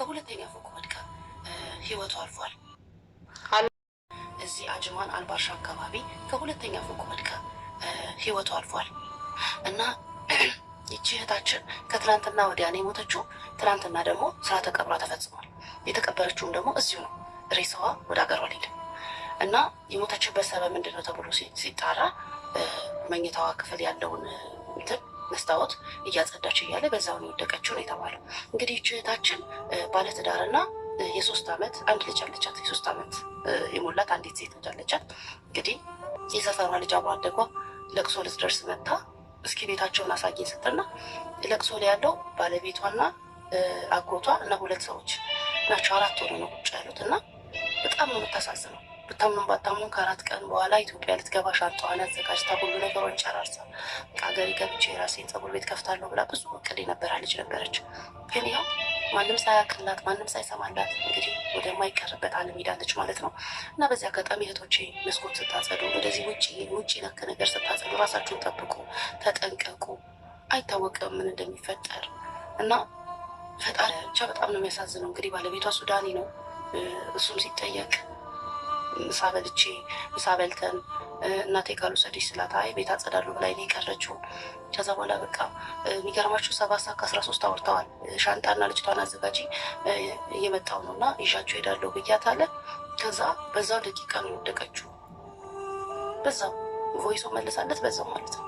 ከሁለተኛ ፎቅ ወድቃ ህይወቱ አልፏል። እዚህ አጅማን አልባርሻ አካባቢ ከሁለተኛ ፎቅ ወድቃ ህይወቱ አልፏል እና ይቺ እህታችን ከትናንትና ወዲያ ነው የሞተችው። ትናንትና ደግሞ ስርዓተ ቀብሯ ተፈጽሟል። የተቀበረችውም ደግሞ እዚሁ ነው። ሬሳዋ ወደ አገሯ አልሄድም እና የሞተችበት ሰበብ ምንድን ነው ተብሎ ሲጣራ መኝታዋ ክፍል ያለውን ስታወት እያጸዳች እያለ በዛውን የወደቀችው ነው የተባለው። እንግዲህ ይህች እህታችን ባለትዳርና የሶስት ዓመት አንድ ልጅ አለቻት። የሶስት ዓመት የሞላት አንዲት ሴት ልጅ አለቻት። እንግዲህ የሰፈሯ ልጅ አብሮ አደጓ ለቅሶ ልትደርስ መታ እስኪ ቤታቸውን አሳየን ስጥና ለቅሶ ላይ ያለው ባለቤቷና አጎቷ እና ሁለት ሰዎች ናቸው። አራት ሆኖ ነው ቁጭ ያሉት እና በጣም ነው የምታሳዝነው። ብታምኑም ባታምኑም ከአራት ቀን በኋላ ኢትዮጵያ ልትገባ ሻንጣዋን አዘጋጅታ ሁሉ ነገሮች ጨራርሳ ከሀገሬ ገብቼ የራሴን ጸጉር ቤት ከፍታለሁ ብላ ብዙ እቅድ የነበራ ልጅ ነበረች። ግን ያው ማንም ሳያቅላት ማንም ሳይሰማላት እንግዲህ ወደማይቀርበት ዓለም ሄዳለች ማለት ነው እና በዚህ አጋጣሚ እህቶቼ መስኮት ስታጸዱ እንደዚህ ውጭ ውጭ ነክ ነገር ስታጸዱ ራሳችሁን ጠብቁ፣ ተጠንቀቁ። አይታወቅም ምን እንደሚፈጠር እና ፈጣሪ ብቻ በጣም ነው የሚያሳዝነው። እንግዲህ ባለቤቷ ሱዳኒ ነው እሱም ሲጠየቅ ምሳ በልቼ ምሳ በልተን እናቴ ጋር ልውሰድሽ ስላት አይ ቤት አጸዳለሁ ብላኝ ነው የቀረችው። ከዛ በኋላ በቃ የሚገርማችሁ ሰባት ሰዓት ከአስራ ሶስት አውርተዋል። ሻንጣና ልጅቷን አዘጋጂ እየመጣው ነው እና ይዣችሁ ሄዳለሁ ብያት አለ። ከዛ በዛው ደቂቃ ነው የወደቀችው። በዛው ቮይሶ መለሳለት በዛው ማለት ነው።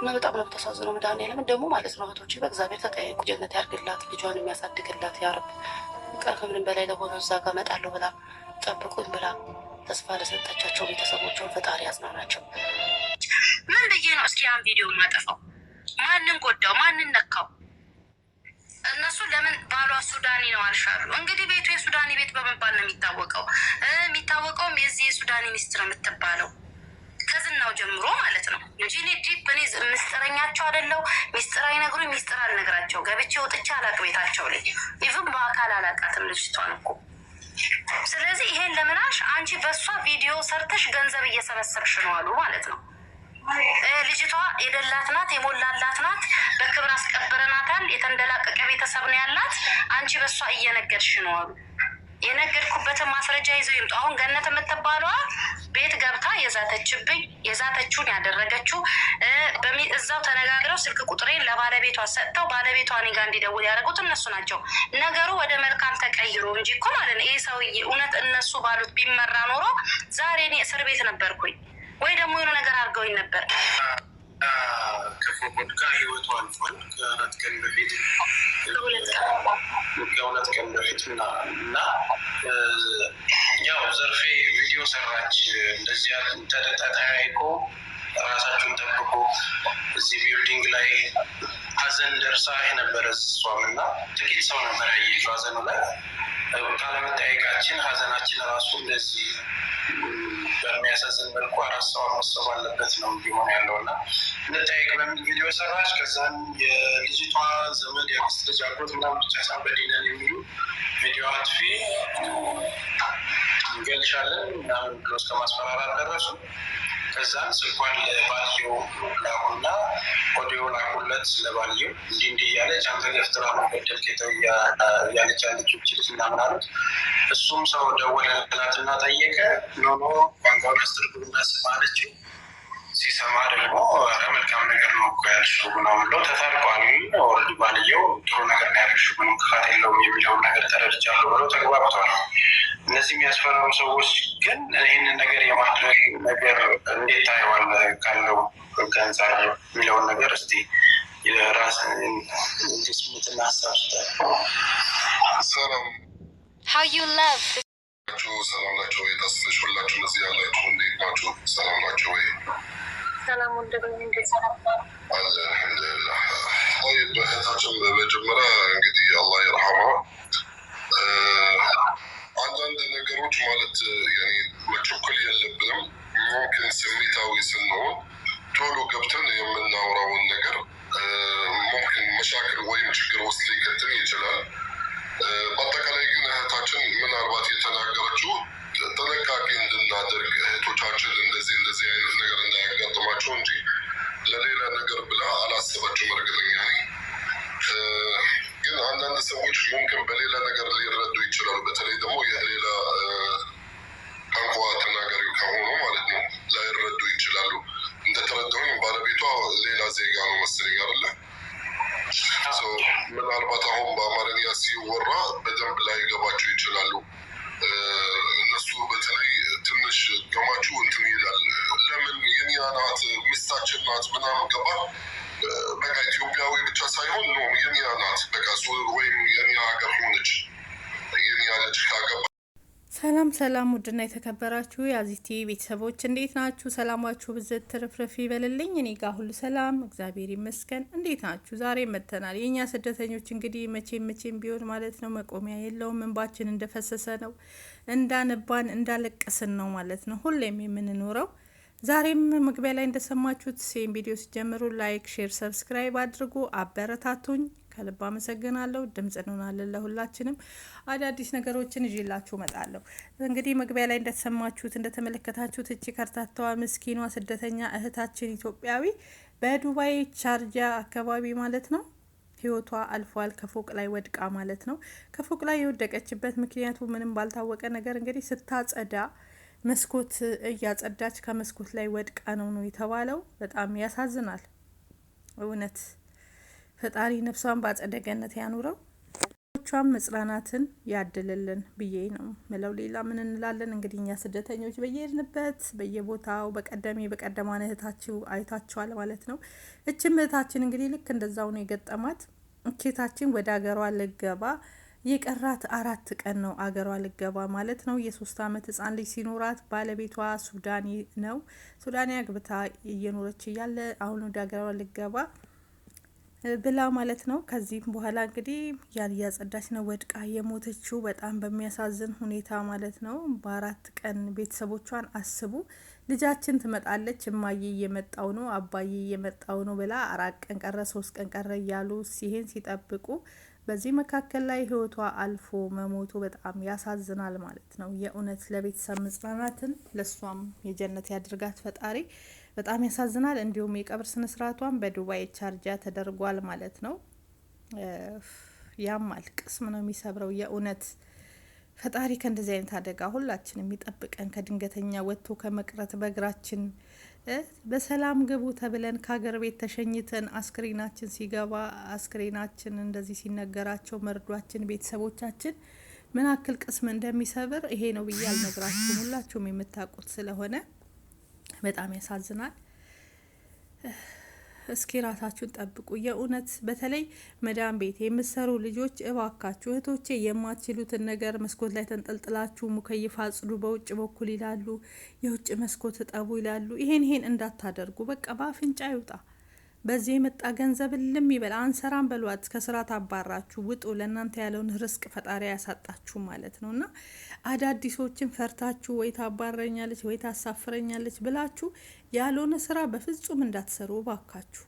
እና በጣም ነው ተሳዝኖ መድኃኒዓለም ደግሞ ማለት ነው እህቶቼ በእግዚአብሔር ተጠያየቁ። ጀነት ያርግላት፣ ልጇን የሚያሳድግላት ያርብ። ቀር ከምንም በላይ ለሆነ እዛ ጋር እመጣለሁ ብላ ጠብቁኝ ብላ ተስፋ ለሰጠቻቸው ቤተሰቦቿን ፈጣሪ ያጽናናቸው። ምን ብዬ ነው እስኪ ያን ቪዲዮ ማጠፋው? ማንን ጎዳው? ማንን ነካው? እነሱ ለምን ባሏ ሱዳኒ ነው አልሻሉ። እንግዲህ ቤቱ የሱዳኒ ቤት በመባል ነው የሚታወቀው። የሚታወቀውም የዚህ የሱዳኒ ሚስት ነው የምትባለው ከዝናው ጀምሮ ማለት ነው እንጂ እኔ ዲፕ እኔ ምስጥረኛቸው አደለው። ሚስጥር አይነግሩኝ፣ ሚስጥር አልነግራቸው። ገብቼ ወጥቼ አላቅ ቤታቸው ላይ ኢቭን በአካል አላቃትም ልጅቷን እኮ ስለዚህ ይሄን ለምናሽ አንቺ በእሷ ቪዲዮ ሰርተሽ ገንዘብ እየሰበሰብሽ ነው አሉ ማለት ነው። ልጅቷ የደላት ናት፣ የሞላላት ናት፣ በክብር አስቀብረናታል። የተንደላቀቀ ቤተሰብ ነው ያላት። አንቺ በእሷ እየነገርሽ ነው አሉ። የነገርኩበትን ማስረጃ ይዘው ይምጡ። አሁን ገነት የምትባለዋ ቤት ገብታ የዛተችብኝ የዛተችውን ያደረገችው እዛው ተነጋግረው ስልክ ቁጥሬን ለባለቤቷ ሰጥተው ባለቤቷ እኔ ጋር እንዲደውል ያደረጉት እነሱ ናቸው። ነገሩ ወደ መልካም ተቀይሮ እንጂ እኮ ማለት ነው ይህ ሰውዬ እውነት እነሱ ባሉት ቢመራ ኖሮ ዛሬ እኔ እስር ቤት ነበርኩኝ ወይ ደግሞ የሆነ ነገር አድርገውኝ ነበር። ከፎቦድ ጋር ህይወቱ አልፏል። ከአራት ቀን በፊት ቀን በፊት እና ያው ዘርፌ ኢትዮ ሰራች እንደዚህ ተጠያይቆ ራሳችሁን ጠብቆ እዚህ ቢልዲንግ ላይ ሀዘን ደርሳ የነበረ እሷም እና ጥቂት ሰው ነበር ያየችው ሀዘኑ ላይ ካለመጠያየቃችን ሀዘናችን ራሱ እንደዚህ በሚያሳዝን መልኩ አራት ሰው አምስት አለበት ነው እንዲሆን ያለው እና እንጠይቅ በሚል ቪዲዮ ሰራች። ከዛን የልጅቷ ዘመድ የአምስት ልጅ አጎት ምናምን ብቻ ሳንበዲነን የሚሉ ቪዲዮ አጥፊ እንገልሻለን ምናምን ብሎ እስከ ማስፈራራት ደረሱ። ከዛ ስልኳን ለባልዮ ላኩና ኦዲዮ ላኩለት ለባልዮ እንዲህ እንዲህ እያለች አንተ ገፍትራ መገደል ጌተው እያለች ያለች ችልጅ እናምናሉት። እሱም ሰው ደወለላትና ጠየቀ። ኖኖ ቋንቋውን አስተርጉምና ስማለችው ሲሰማ ደግሞ ኧረ መልካም ነገር ነው እኮ ያልሽው ነው ብለው ተታርቋል። ኦልሬዲ ባልየው ጥሩ ነገር ነው ያልሽው ምንም ክፋት የለውም የሚለውን ነገር ተረድቻለሁ ብለው ተግባብቷል። እነዚህ የሚያስፈራሩ ሰዎች ግን ይህንን ነገር የማድረግ ነገር እንዴት ታየዋለህ ካለው ህግ አንጻር የሚለውን ነገር እስቲ የራስን ስሜትና ሀሳብ ሰላም ሰላም ናቸው ወይ? ሁላችሁ እነዚህ ያላችሁ እንዴት ናችሁ? ሰላም ናቸው ወይ? ሰላም በእህታችን በመጀመሪያ እንግዲህ አላህ ይርሐማ አንዳንድ ነገሮች ማለት መቸኮል የለብንም። ሞክን ስሜታዊ ስንሆን ቶሎ ገብተን የምናወራውን ነገር ሞክን መሻክል ወይም ችግር ውስጥ ሊከትል ይችላል። በአጠቃላይ ግን እህታችን ምናልባት የተናገረችው ጥንቃቄ እንድናደርግ እህቶቻችን እንደዚህ እንደዚህ አይነት ነገር እንዳያጋጥማቸው እንጂ ለሌላ ነገር ብላ አላሰበችም እርግጠኛ عندنا نسوي ممكن بليله نقر لي الرد ويتشرب بتري دمو يهلي ሰላም ሰላም፣ ውድና የተከበራችሁ የአዚቲ ቤተሰቦች እንዴት ናችሁ? ሰላማችሁ ብዝት ትርፍርፍ ይበልልኝ። እኔ ጋር ሁሉ ሰላም እግዚአብሔር ይመስገን። እንዴት ናችሁ? ዛሬ መጥተናል። የእኛ ስደተኞች እንግዲህ መቼም መቼም ቢሆን ማለት ነው መቆሚያ የለውም። እንባችን እንደፈሰሰ ነው፣ እንዳነባን እንዳለቀስን ነው ማለት ነው ሁሌም የምንኖረው። ዛሬም መግቢያ ላይ እንደሰማችሁት ሴም ቪዲዮ ሲጀምሩ ላይክ፣ ሼር፣ ሰብስክራይብ አድርጉ፣ አበረታቱኝ ከልብ አመሰግናለሁ። ድምጽ እንሆናለን ለሁላችንም። አዳዲስ ነገሮችን ይዤላችሁ እመጣለሁ። እንግዲህ መግቢያ ላይ እንደተሰማችሁት እንደተመለከታችሁት እቺ ከርታታዋ ምስኪኗ ስደተኛ እህታችን ኢትዮጵያዊ በዱባይ ቻርጃ አካባቢ ማለት ነው ህይወቷ አልፏል። ከፎቅ ላይ ወድቃ ማለት ነው። ከፎቅ ላይ የወደቀችበት ምክንያቱ ምንም ባልታወቀ ነገር እንግዲህ ስታጸዳ መስኮት እያጸዳች ከመስኮት ላይ ወድቃ ነው ነው የተባለው። በጣም ያሳዝናል እውነት ፈጣሪ ነፍሷን በአጸደ ገነት ያኑረው፣ ቿም መጽናናትን ያድልልን ብዬ ነው ምለው። ሌላ ምን እንላለን እንግዲህ እኛ ስደተኞች በየሄድንበት በየቦታው በቀደሜ በቀደማ እህታችሁ አይታችኋል ማለት ነው። እችም እህታችን እንግዲህ ልክ እንደዛው ነው የገጠማት። እኬታችን ወደ አገሯ ልገባ የቀራት አራት ቀን ነው አገሯ ልገባ ማለት ነው። የሶስት አመት ህጻን ልጅ ሲኖራት ባለቤቷ ሱዳኒ ነው። ሱዳኒ አግብታ እየኖረች እያለ አሁን ወደ ሀገሯ ልገባ ብላ ማለት ነው። ከዚህም በኋላ እንግዲህ ያልያጸዳች ነው ወድቃ የሞተችው በጣም በሚያሳዝን ሁኔታ ማለት ነው። በአራት ቀን ቤተሰቦቿን አስቡ። ልጃችን ትመጣለች፣ እማዬ እየመጣው ነው፣ አባዬ እየመጣው ነው ብላ አራት ቀን ቀረ፣ ሶስት ቀን ቀረ እያሉ ሲሄን ሲጠብቁ በዚህ መካከል ላይ ህይወቷ አልፎ መሞቱ በጣም ያሳዝናል ማለት ነው። የእውነት ለቤተሰብ መጽናናትን ለእሷም የጀነት ያድርጋት ፈጣሪ። በጣም ያሳዝናል። እንዲሁም የቀብር ስርዓቷን በዱባይ ቻርጃ ተደርጓል ማለት ነው። ያማል። ቅስም ነው የሚሰብረው የእውነት ፈጣሪ ከእንደዚህ አይነት አደጋ ሁላችን የሚጠብቀን ከድንገተኛ ወጥቶ ከመቅረት በእግራችን በሰላም ግቡ ተብለን ከሀገር ቤት ተሸኝተን አስክሬናችን ሲገባ አስክሬናችን እንደዚህ ሲነገራቸው መርዷችን ቤተሰቦቻችን ምን ያክል ቅስም እንደሚሰብር ይሄ ነው ብዬ አልነግራችሁም። ሁላችሁም የምታውቁት ስለሆነ በጣም ያሳዝናል። እስኪ ራሳችሁን ጠብቁ። የእውነት በተለይ መዳን ቤት የምትሰሩ ልጆች እባካችሁ እህቶቼ፣ የማትችሉትን ነገር መስኮት ላይ ተንጠልጥላችሁ ሙከይፍ አጽዱ በውጭ በኩል ይላሉ፣ የውጭ መስኮት እጠቡ ይላሉ። ይሄን ይሄን እንዳታደርጉ። በቃ በአፍንጫ ይውጣ። በዚህ የመጣ ገንዘብ ልም ይበል አንሰራም በሏት፣ ከስራ ታባራችሁ ውጡ፣ ለእናንተ ያለውን ርስቅ ፈጣሪ ያሳጣችሁ ማለት ነው። እና አዳዲሶችን ፈርታችሁ ወይ ታባረኛለች ወይ ታሳፍረኛለች ብላችሁ ያልሆነ ስራ በፍጹም እንዳትሰሩ ባካችሁ።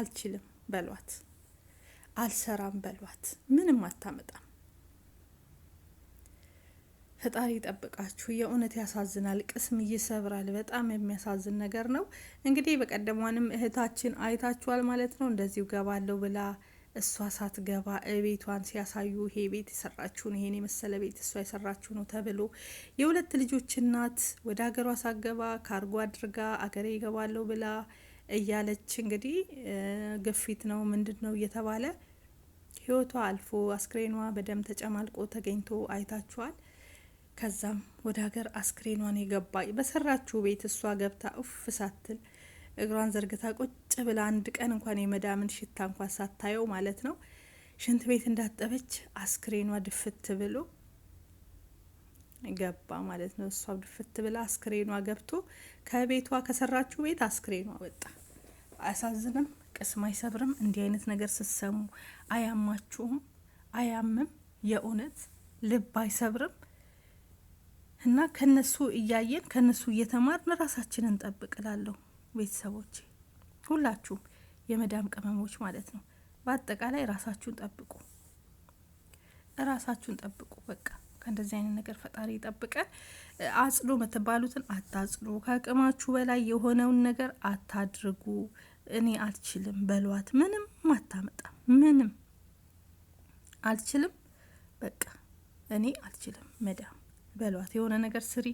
አልችልም በሏት፣ አልሰራም በሏት፣ ምንም አታመጣም። ፈጣሪ ይጠብቃችሁ። የእውነት ያሳዝናል፣ ቅስም ይሰብራል። በጣም የሚያሳዝን ነገር ነው። እንግዲህ በቀደሟንም እህታችን አይታችኋል ማለት ነው። እንደዚሁ ገባለሁ ብላ እሷ ሳትገባ ቤቷን ሲያሳዩ ይሄ ቤት የሰራችሁ ነው፣ ይሄን የመሰለ ቤት እሷ የሰራችሁ ነው ተብሎ የሁለት ልጆች እናት ወደ ሀገሯ ሳገባ ካርጎ አድርጋ አገሬ ይገባለሁ ብላ እያለች እንግዲህ ግፊት ነው ምንድን ነው እየተባለ ህይወቷ አልፎ አስክሬኗ በደም ተጨማልቆ ተገኝቶ አይታችኋል። ከዛም ወደ ሀገር አስክሬኗን የገባ በሰራችው ቤት እሷ ገብታ እፍ ሳትል እግሯን ዘርግታ ቁጭ ብላ አንድ ቀን እንኳን የመዳምን ሽታ እንኳ ሳታየው ማለት ነው ሽንት ቤት እንዳጠበች አስክሬኗ ድፍት ብሎ ገባ ማለት ነው። እሷ ድፍት ብላ አስክሬኗ ገብቶ ከቤቷ ከሰራችሁ ቤት አስክሬኗ ወጣ። አያሳዝንም? ቅስም አይሰብርም? እንዲህ አይነት ነገር ስትሰሙ አያማችሁም? አያምም? የእውነት ልብ አይሰብርም? እና ከነሱ እያየን ከነሱ እየተማርን ራሳችንን እንጠብቅላለሁ። ቤተሰቦች ሁላችሁም የመዳም ቅመሞች ማለት ነው። በአጠቃላይ ራሳችሁን ጠብቁ፣ ራሳችሁን ጠብቁ። በቃ ከእንደዚህ አይነት ነገር ፈጣሪ ይጠብቀን። አጽሎ የምትባሉትን አታጽሎ፣ ከአቅማችሁ በላይ የሆነውን ነገር አታድርጉ። እኔ አልችልም በሏት። ምንም አታመጣ፣ ምንም አልችልም። በቃ እኔ አልችልም መዳም በሏት የሆነ ነገር ስሪ፣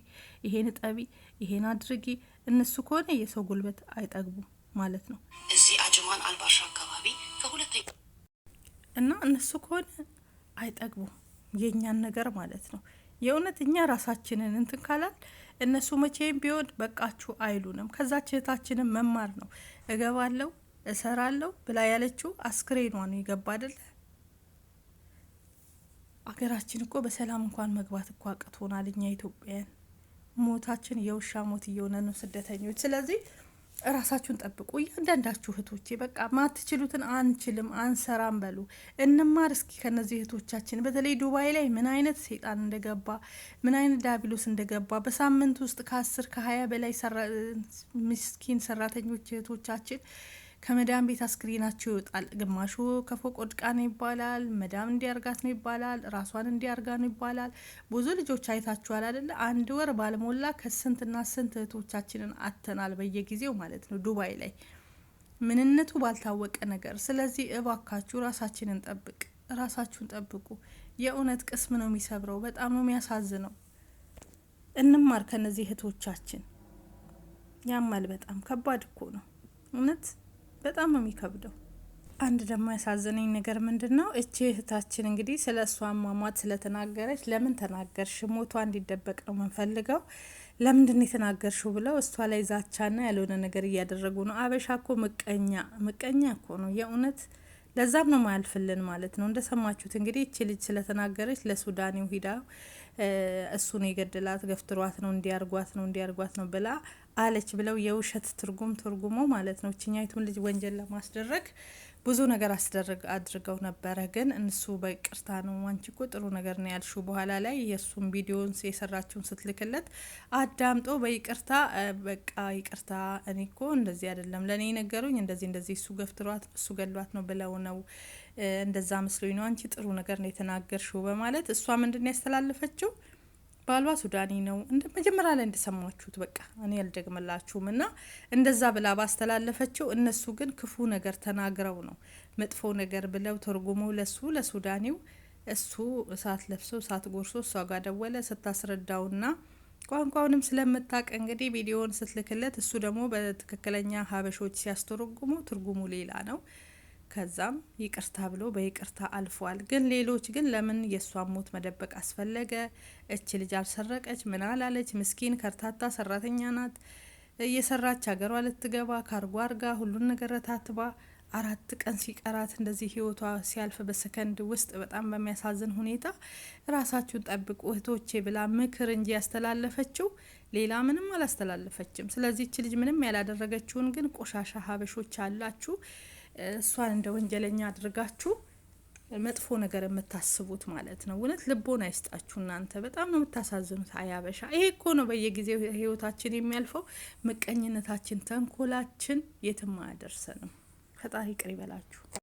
ይሄን ጠቢ ይሄን አድርጊ። እነሱ ከሆነ የሰው ጉልበት አይጠግቡም ማለት ነው። እዚህ አጅማን አልባሻ አካባቢ እና እነሱ ከሆነ አይጠግቡም የእኛን ነገር ማለት ነው። የእውነት እኛ ራሳችንን እንትን ካላል እነሱ መቼም ቢሆን በቃችሁ አይሉንም። ከዛ ችህታችንን መማር ነው። እገባለው እሰራለው ብላ ያለችው አስክሬኗ ነው። ይገባ አይደለ አገራችን እኮ በሰላም እንኳን መግባት እኮ አቅቶናል። እኛ ኢትዮጵያን ሞታችን የውሻ ሞት እየሆነ ነው ስደተኞች። ስለዚህ እራሳችሁን ጠብቁ እያንዳንዳችሁ እህቶቼ። በቃ ማትችሉትን አንችልም አንሰራም በሉ እንማር እስኪ ከነዚህ እህቶቻችን። በተለይ ዱባይ ላይ ምን አይነት ሰይጣን እንደገባ ምን አይነት ዳቢሎስ እንደገባ በሳምንት ውስጥ ከአስር ከሀያ በላይ ምስኪን ሰራተኞች እህቶቻችን ከመዳም ቤት አስክሬናቸው ይወጣል። ግማሹ ከፎቅ ወድቃ ነው ይባላል፣ መዳም እንዲያርጋት ነው ይባላል፣ ራሷን እንዲያርጋ ነው ይባላል። ብዙ ልጆች አይታችኋል አደለ? አንድ ወር ባልሞላ ከስንትና ስንት እህቶቻችንን አተናል በየጊዜው ማለት ነው ዱባይ ላይ ምንነቱ ባልታወቀ ነገር። ስለዚህ እባካችሁ ራሳችንን ጠብቅ፣ ራሳችሁን ጠብቁ። የእውነት ቅስም ነው የሚሰብረው። በጣም ነው የሚያሳዝነው። እንማር ከነዚህ እህቶቻችን። ያማል። በጣም ከባድ እኮ ነው እውነት። በጣም ነው የሚከብደው። አንድ ደግሞ ያሳዘነኝ ነገር ምንድን ነው፣ እቺ እህታችን እንግዲህ ስለ እሷ አሟሟት ስለተናገረች ለምን ተናገርሽ? ሞቷ እንዲደበቅ ነው የምንፈልገው፣ ለምንድን የተናገርሽው ብለው እሷ ላይ ዛቻና ያልሆነ ነገር እያደረጉ ነው። አበሻ እኮ ምቀኛ ምቀኛ እኮ ነው የእውነት። ለዛም ነው ማያልፍልን ማለት ነው። እንደሰማችሁት እንግዲህ እቺ ልጅ ስለተናገረች ለሱዳኔው ሂዳ እሱን ነው የገደላት፣ ገፍትሯት ነው እንዲያርጓት ነው እንዲያርጓት ነው ብላ አለች ብለው የውሸት ትርጉም ትርጉሞ ማለት ነው እችኛይቱን ልጅ ወንጀል ለማስደረግ ብዙ ነገር አስደረግ አድርገው ነበረ። ግን እንሱ በቅርታ ነው አንቺ እኮ ጥሩ ነገር ነው ያልሹ። በኋላ ላይ የእሱን ቪዲዮን የሰራችውን ስትልክለት አዳምጦ በይቅርታ በቃ ይቅርታ፣ እኔ እኮ እንደዚህ አይደለም ለእኔ ነገሩኝ እንደዚህ እንደዚህ እሱ ገፍትሯት እሱ ገሏት ነው ብለው ነው እንደዛ መስሎኝ ነው፣ አንቺ ጥሩ ነገር ነው የተናገርሽው በማለት እሷ ምንድን ያስተላለፈችው ባሏ ሱዳኒ ነው እንደ መጀመሪያ ላይ እንደሰማችሁት፣ በቃ እኔ ያልደግመላችሁም እና እንደዛ ብላ ባስተላለፈችው፣ እነሱ ግን ክፉ ነገር ተናግረው ነው መጥፎ ነገር ብለው ተርጉመው ለሱ ለሱዳኒው እሱ እሳት ለብሶ እሳት ጎርሶ እሷ ጋር ደወለ ስታስረዳውና ቋንቋውንም ስለምታቅ እንግዲህ ቪዲዮውን ስትልክለት እሱ ደግሞ በትክክለኛ ሀበሾች ሲያስተረጉሙ ትርጉሙ ሌላ ነው። ከዛም ይቅርታ ብሎ በይቅርታ አልፏል። ግን ሌሎች ግን ለምን የእሷን ሞት መደበቅ አስፈለገ? እች ልጅ አልሰረቀች ምን አላለች? ምስኪን ከርታታ ሰራተኛ ናት። እየሰራች ሀገሯ ልትገባ ካርጎ አርጋ ሁሉን ነገር ታትባ አራት ቀን ሲቀራት እንደዚህ ህይወቷ ሲያልፍ በሰከንድ ውስጥ በጣም በሚያሳዝን ሁኔታ ራሳችሁን ጠብቁ እህቶቼ ብላ ምክር እንጂ ያስተላለፈችው ሌላ ምንም አላስተላለፈችም። ስለዚህ ልጅ ምንም ያላደረገችውን ግን ቆሻሻ ሀበሾች አላችሁ እሷን እንደ ወንጀለኛ አድርጋችሁ መጥፎ ነገር የምታስቡት ማለት ነው። እውነት ልቦን አይስጣችሁ። እናንተ በጣም ነው የምታሳዝኑት። አያበሻ ይሄ እኮ ነው በየጊዜው ህይወታችን የሚያልፈው። ምቀኝነታችን፣ ተንኮላችን የትም አያደርሰንም። ፈጣሪ ይቅር ይበላችሁ።